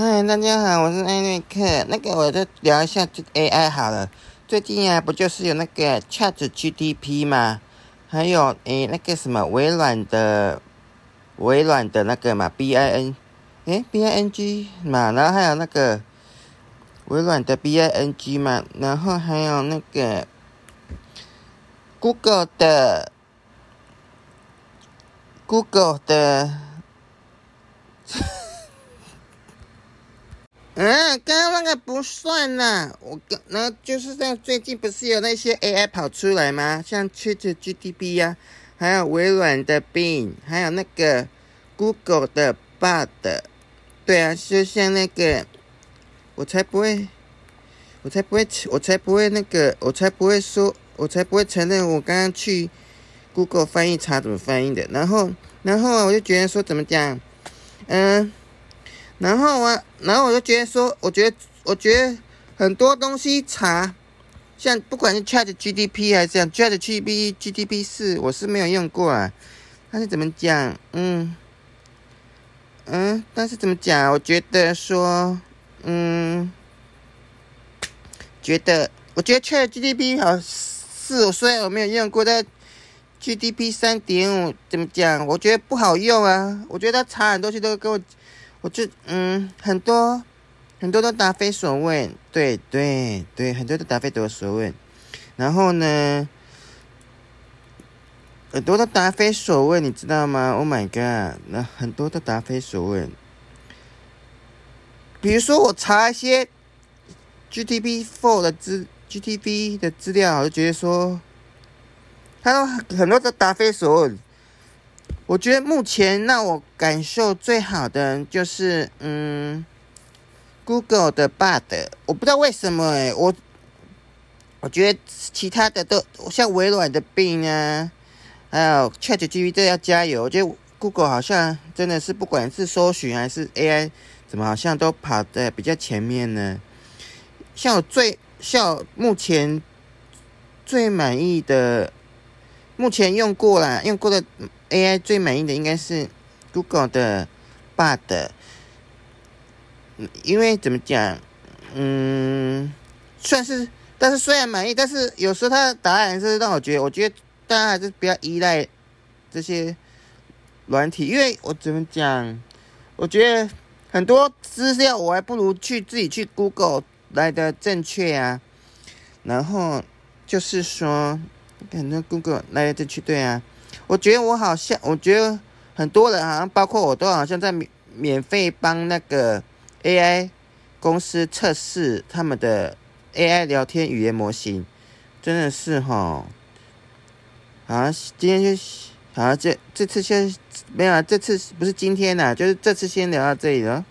嗨，大家好，我是艾瑞克。那個，我就聊一下這個 AI 好了。最近呀、啊，不就是有那個 ChatGPT 嘛，還有誒那個什麼微軟的，微軟的那個嘛 BIN，誒 BING 嘛，然後還有那個微軟的 BING 嘛，然後還有那個 Google 的，Google 的。嗯，剛剛那個不算啦。我剛，然後就是在最近不是有那些 AI 跑出來嗎？像 ChatGPT 呀、啊，還有微軟的 Bing，還有那個 Google 的 Bard。對啊，就像那個，我才不會，我才不會，我才不會那個，我才不會說，我才不會承認我剛剛去 Google 翻譯查怎麼翻譯的。然後，然後我就覺得說怎麼講，嗯。然後啊，然後我就覺得說，我覺得，我覺得很多東西查，像不管是 ChatGPT 還是這樣，ChatGPT GPT 四，GPT, GPT4, 我是沒有用過啊。它是怎麼講？嗯，嗯，但是怎麼講？我覺得說，嗯，覺得我覺得 ChatGPT 好四，4, 我雖然我沒有用過，但 GPT 三點五怎麼講？我覺得不好用啊。我覺得它查很多東西都給我。我就嗯，很多很多都答非所問，對對對，很多都答非所問。然後呢，很多都答非所問，你知道嗎？Oh my god！那很多都答非所問。比如說，我查一些 GPT-4 的資 GPT 的資料，我就覺得說，他說很，很多都答非所問。我覺得目前讓我感受最好的就是，嗯，Google 的 Bard，我不知道為什麼哎，欸，我我覺得其他的都，像微軟的 Bing 啊，還有 ChatGPT 都要加油。我覺得 Google 好像真的是不管是搜尋還是 AI，怎麼好像都跑得比較前面呢？像我最像我目前最滿意的。目前用過啦，用過的 AI 最滿意的應該是 Google 的 Bard，因為怎麼講，嗯，算是，但是雖然滿意，但是有時候它的答案還是讓我覺得，我覺得大家還是不要依賴這些軟體，因為我怎麼講，我覺得很多資料我還不如去自己去 Google 來的正確呀，然後就是說。Google 來來去去，對啊。我覺得我好像，我覺得很多人好像，包括我都好像在免免費幫那個 AI 公司測試他們的 AI 聊天語言模型。真的是哈、哦，啊，今天就啊，這這次先沒有、啊，這次不是今天呢、啊，就是這次先聊到這裡了。